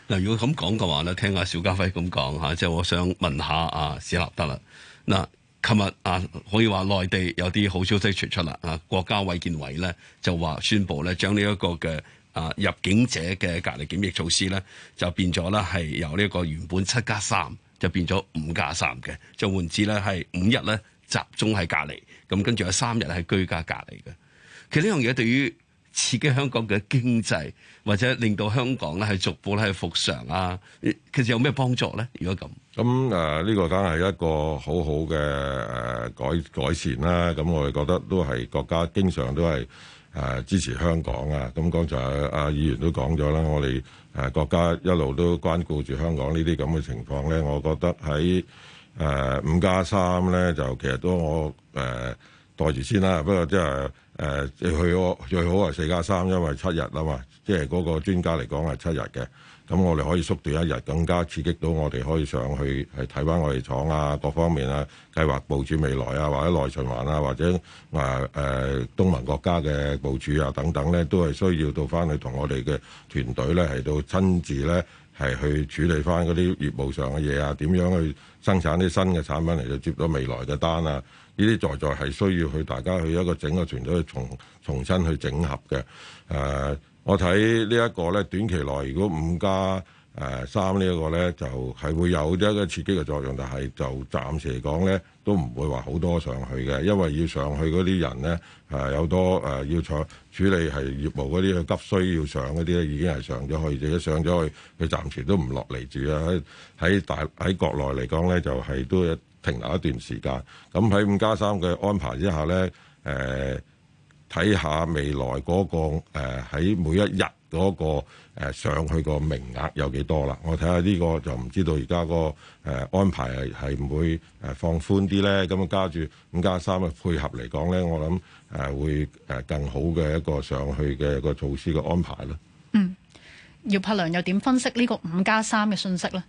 嗱，如果咁講嘅話咧，聽阿邵家輝咁講嚇，即係我想問下阿史立德啦。嗱，琴日啊，可以話內地有啲好消息傳出啦！啊，國家衛健委咧就話宣布咧，將呢一個嘅啊入境者嘅隔離檢疫措施咧，就變咗啦係由呢一個原本七加三就變咗五加三嘅，3，就換至咧係五日咧集中喺隔離，咁跟住有三日係居家隔離嘅。其實呢樣嘢對於刺激香港嘅經濟，或者令到香港咧係逐步咧係復常啊，其實有咩幫助咧？如果咁咁誒，呢個梗係一個好好嘅誒改改善啦。咁我哋覺得都係國家經常都係誒支持香港啊。咁剛才阿議員都講咗啦，我哋誒國家一路都關顧住香港呢啲咁嘅情況咧。我覺得喺誒五加三咧，就其實都我誒待住先啦。不過即係。誒最、呃、好最好係四加三，3，因為七日啊嘛，即係嗰個專家嚟講係七日嘅。咁我哋可以縮短一日，更加刺激到我哋可以上去係睇翻我哋廠啊，各方面啊，計劃部署未來啊，或者內循環啊，或者啊誒、呃、東盟國家嘅部署啊等等咧，都係需要到翻去同我哋嘅團隊咧係到親自咧係去處理翻嗰啲業務上嘅嘢啊，點樣去生產啲新嘅產品嚟到接到未來嘅單啊！呢啲在在係需要去大家去一個整個團隊去重重新去整合嘅。Uh, 我睇呢一個咧，短期內如果五加三呢一個咧，就係、是、會有一個刺激嘅作用，但係就暫時嚟講咧，都唔會話好多上去嘅，因為要上去嗰啲人咧誒有多誒、呃、要坐處理係業務嗰啲急需要上嗰啲咧，已經係上咗去，自己上咗去佢暫時都唔落嚟住啊！喺大喺國內嚟講咧，就係、是、都一。停留一段時間，咁喺五加三嘅安排之下咧，誒睇下未來嗰、那個喺、呃、每一日嗰、那個、呃、上去個名額有幾多啦。我睇下呢個就唔知道而家、那個誒、呃、安排係唔會誒放寬啲咧。咁加住五加三嘅配合嚟講咧，我諗誒會誒更好嘅一個上去嘅一個措施嘅安排啦。嗯，姚柏良又點分析這個呢個五加三嘅信息咧？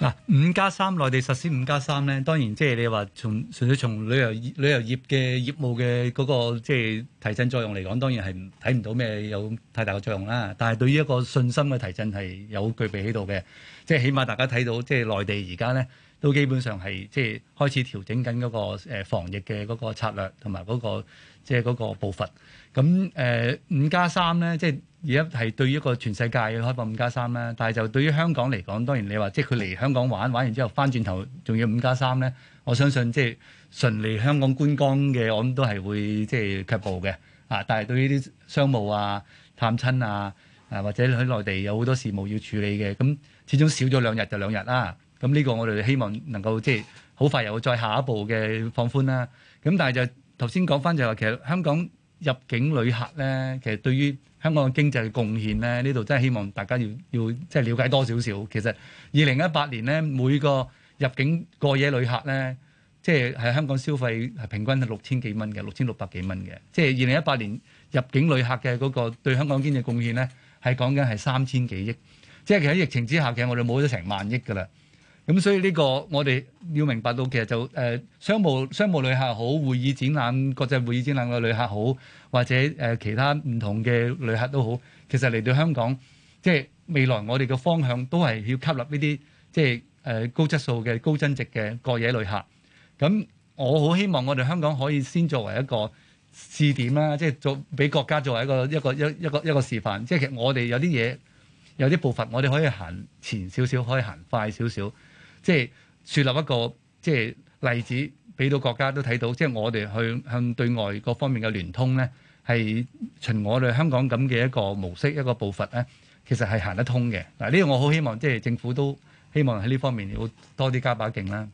嗱，五加三，內地實施五加三咧，當然即係你話從純粹從旅遊旅遊業嘅業務嘅嗰個即係提振作用嚟講，當然係睇唔到咩有太大嘅作用啦。但係對於一個信心嘅提振係有具備喺度嘅，即係起碼大家睇到即係內地而家咧都基本上係即係開始調整緊嗰個誒防疫嘅嗰個策略同埋嗰個即係嗰個步伐。咁誒五加三咧，即係。而家係對於一個全世界開放五加三啦，但係就對於香港嚟講，當然你話即係佢嚟香港玩，玩完之後翻轉頭仲要五加三咧，我相信即係順利香港觀光嘅，我諗都係會即係卻步嘅啊！但係對於啲商務啊、探親啊，啊或者喺內地有好多事務要處理嘅，咁始終少咗兩日就兩日啦、啊。咁呢個我哋希望能夠即係好快又會再下一步嘅放寬啦、啊。咁但係就頭先講翻就話其實香港，入境旅客咧，其實對於香港嘅經濟嘅貢獻咧，呢度真係希望大家要要即係瞭解多少少。其實二零一八年咧，每個入境過夜旅客咧，即係喺香港消費係平均係六千幾蚊嘅，六千六百幾蚊嘅。即係二零一八年入境旅客嘅嗰個對香港經濟貢獻咧，係講緊係三千幾億。即係喺疫情之下其實，我哋冇咗成萬億噶啦。咁所以呢個我哋要明白到，其實就誒、呃、商務商務旅客好，會議展覽國際會議展覽嘅旅客好，或者誒、呃、其他唔同嘅旅客都好，其實嚟到香港，即係未來我哋嘅方向都係要吸納呢啲即係誒高質素嘅高增值嘅過夜旅客。咁我好希望我哋香港可以先作為一個試點啦，即係做俾國家作為一個一個一一個一個示範，即係其實我哋有啲嘢有啲步伐，我哋可以行前少少，可以行快少少。即係樹立一個即係例子，俾到國家都睇到，即係我哋去向對外各方面嘅聯通咧，係循我哋香港咁嘅一個模式一個步伐咧，其實係行得通嘅。嗱，呢個我好希望，即係政府都希望喺呢方面要多啲加把勁啦。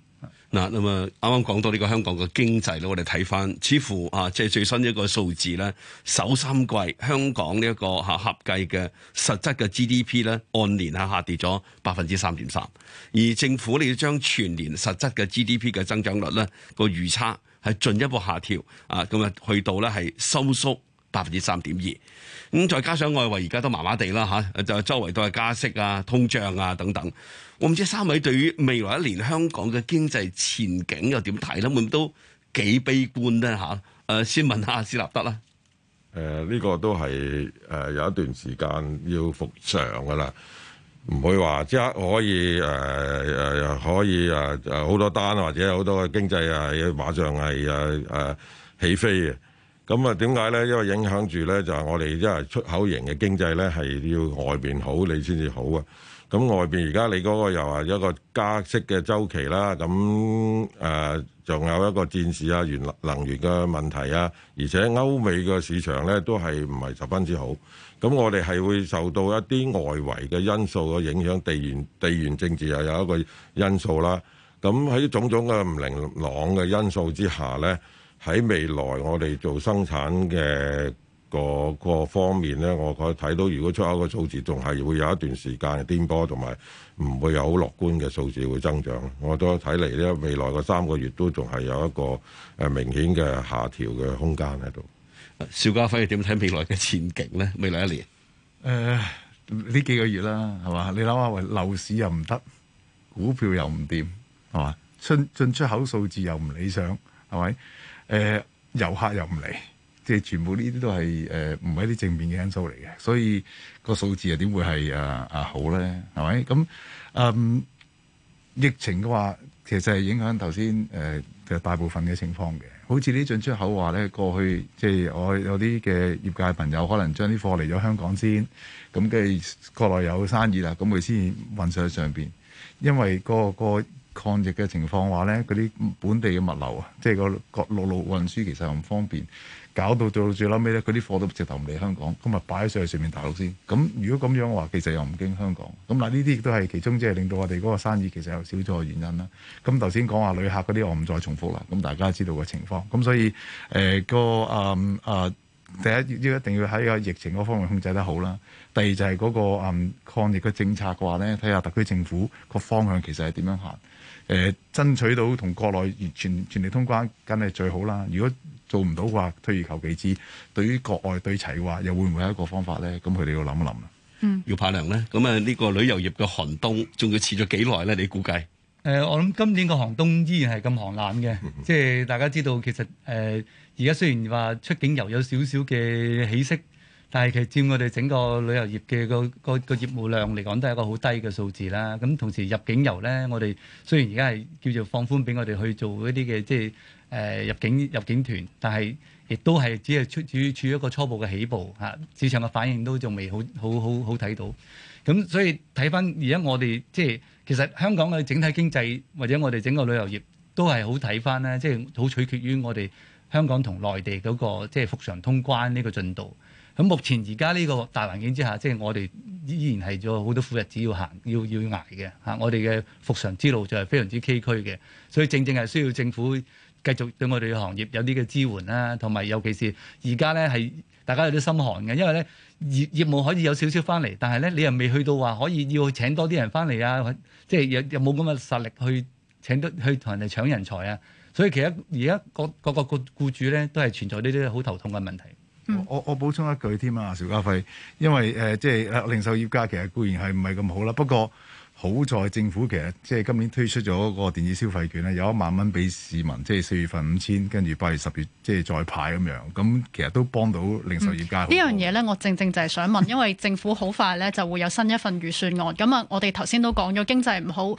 嗱，咁啊，啱啱講到呢個香港嘅經濟咧，我哋睇翻，似乎啊，即係最新一個數字咧，首三季香港呢一個嚇合計嘅實質嘅 GDP 咧，按年啊下，下跌咗百分之三點三，而政府你要將全年實質嘅 GDP 嘅增長率咧，個預測係進一步下調啊，咁啊去到咧係收縮，百分之三點二，咁再加上外圍而家都麻麻地啦嚇，就周圍都係加息啊、通脹啊等等。我唔知三位對於未來一年香港嘅經濟前景又點睇啦？會唔會都幾悲觀咧嚇？誒，先問下史立德啦。誒、呃，呢、這個都係誒、呃、有一段時間要復常噶啦，唔會話即刻可以誒誒、呃呃、可以誒好、呃、多單或者好多經濟啊、呃、馬上係誒誒起飛嘅。咁啊，點解咧？因為影響住咧，就係我哋即係出口型嘅經濟咧，係要外邊好你先至好啊。咁外邊而家你嗰個又話有一個加息嘅週期啦，咁誒仲有一個戰事啊、原能源嘅問題啊，而且歐美嘅市場咧都係唔係十分之好。咁我哋係會受到一啲外圍嘅因素嘅影響，地緣地緣政治又有一個因素啦。咁喺種種嘅唔明朗嘅因素之下咧。喺未來，我哋做生產嘅個方面咧，我覺睇到，如果出口嘅數字仲係會有一段時間嘅顛簸，同埋唔會有好樂觀嘅數字會增長。我都睇嚟咧，未來個三個月都仲係有一個誒明顯嘅下調嘅空間喺度。邵家輝點睇未來嘅前景咧？未來一年誒呢、呃、幾個月啦，係嘛？你諗下，喂，樓市又唔得，股票又唔掂，係嘛？進進出口數字又唔理想，係咪？誒、呃、遊客又唔嚟，即係全部呢啲都係誒唔係啲正面嘅因素嚟嘅，所以個數字又點會係啊啊好咧？係咪咁？嗯，疫情嘅話，其實係影響頭先誒嘅大部分嘅情況嘅，好似呢進出口話咧，過去即係我有啲嘅業界朋友可能將啲貨嚟咗香港先，咁跟住國內有生意啦，咁佢先運上去上邊，因為個、個。抗疫嘅情況嘅話咧，嗰啲本地嘅物流啊，即係個陸路運輸其實又唔方便，搞到到到最撚尾咧，佢啲貨都直頭唔嚟香港，今日擺上去上面大陸先。咁如果咁樣嘅話，其實又唔經香港。咁嗱，呢啲亦都係其中即係令到我哋嗰個生意其實有少咗嘅原因啦。咁頭先講話旅客嗰啲，我唔再重複啦。咁大家知道嘅情況。咁所以誒個嗯啊，第一要一定要喺個疫情嗰方面控制得好啦。第二就係嗰、嗰個、嗯、抗疫嘅政策嘅話咧，睇下特區政府個方向其實係點樣行。誒爭取到同國內全全力通關，梗係最好啦。如果做唔到嘅話，退而求其次，對於國外對齊嘅話，又會唔會係一個方法咧？咁佢哋要諗一諗啦。嗯，要怕涼咧。咁啊，呢個旅遊業嘅寒冬仲要持續幾耐咧？你估計？誒、呃，我諗今年個寒冬依然係咁寒冷嘅， 即係大家知道其實誒，而、呃、家雖然話出境遊有，有少少嘅起色。但係，其實佔我哋整個旅遊業嘅、嗰個個、嗰個業務量嚟講，都係一個好低嘅數字啦。咁同時，入境遊咧，我哋雖然而家係叫做放寬，俾我哋去做一啲嘅即係誒入境入境團，但係亦都係只係處處處於一個初步嘅起步嚇、啊，市場嘅反應都仲未好好好好睇到。咁所以睇翻而家我哋即係其實香港嘅整體經濟或者我哋整個旅遊業都係好睇翻咧，即係好取決於我哋香港同內地嗰個即係復常通關呢個進度。咁目前而家呢個大環境之下，即係我哋依然係咗好多苦日子要行，要要捱嘅嚇。我哋嘅復常之路就係非常之崎嶇嘅，所以正正係需要政府繼續對我哋嘅行業有啲嘅支援啦，同埋尤其是而家咧係大家有啲心寒嘅，因為咧業業務可以有少少翻嚟，但係咧你又未去到話可以要請多啲人翻嚟啊，即係又又冇咁嘅實力去請多去同人哋搶人才啊，所以其實而家各，各各個僱僱主咧都係存在呢啲好頭痛嘅問題。我我我補充一句添啊，邵家輝，因為即係、呃、零售業界其實固然係唔係咁好啦，不過好在政府其實即係今年推出咗個電子消費券咧，有一萬蚊俾市民，即係四月份五千，跟住八月十月即係再派咁樣，咁其實都幫到零售業界好。嗯、這樣東西呢樣嘢咧，我正正就係想問，因為政府好快咧就會有新一份預算案，咁啊， 我哋頭先都講咗經濟唔好。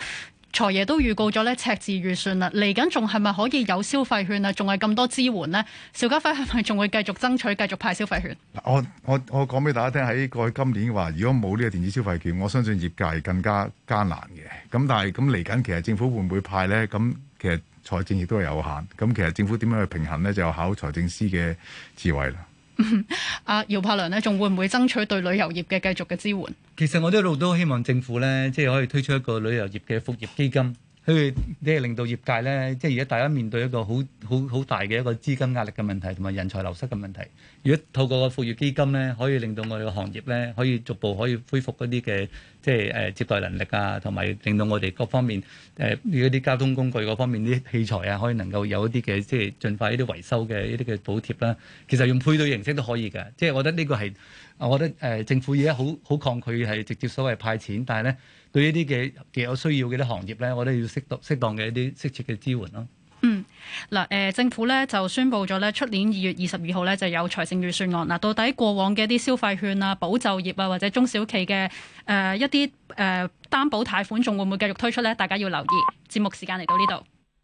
財爺都預告咗咧赤字預算啦，嚟緊仲係咪可以有消費券啊？仲係咁多支援呢？邵家輝係咪仲會繼續爭取繼續派消費券？我我我講俾大家聽喺過去今年嘅話，如果冇呢個電子消費券，我相信業界更加艱難嘅。咁但係咁嚟緊，其實政府會唔會派咧？咁其實財政亦都係有限。咁其實政府點樣去平衡咧？就考財政司嘅智慧啦。阿 姚柏良咧，仲會唔會爭取對旅遊業嘅繼續嘅支援？其實我哋一路都希望政府呢，即係可以推出一個旅遊業嘅復業基金。佢即係令到業界咧，即係而家大家面對一個好好好大嘅一個資金壓力嘅問題，同埋人才流失嘅問題。如果透過個復業基金咧，可以令到我哋個行業咧，可以逐步可以恢復嗰啲嘅即係誒、呃、接待能力啊，同埋令到我哋各方面如果啲交通工具嗰方面啲器材啊，可以能夠有一啲嘅即係盡快呢啲維修嘅一啲嘅補貼啦、啊。其實用配對形式都可以嘅，即係我覺得呢個係我覺得誒、呃、政府而家好好抗拒係直接所謂派錢，但係咧，對呢啲嘅嘅有需要嘅啲行業咧，我都要適當適當嘅一啲適切嘅支援咯。嗯，嗱，誒政府咧就宣布咗咧，出年二月二十二號咧就有財政預算案。嗱，到底過往嘅一啲消費券啊、保就業啊，或者中小企嘅誒一啲誒擔保貸款，仲會唔會繼續推出咧？大家要留意。節目時間嚟到呢度。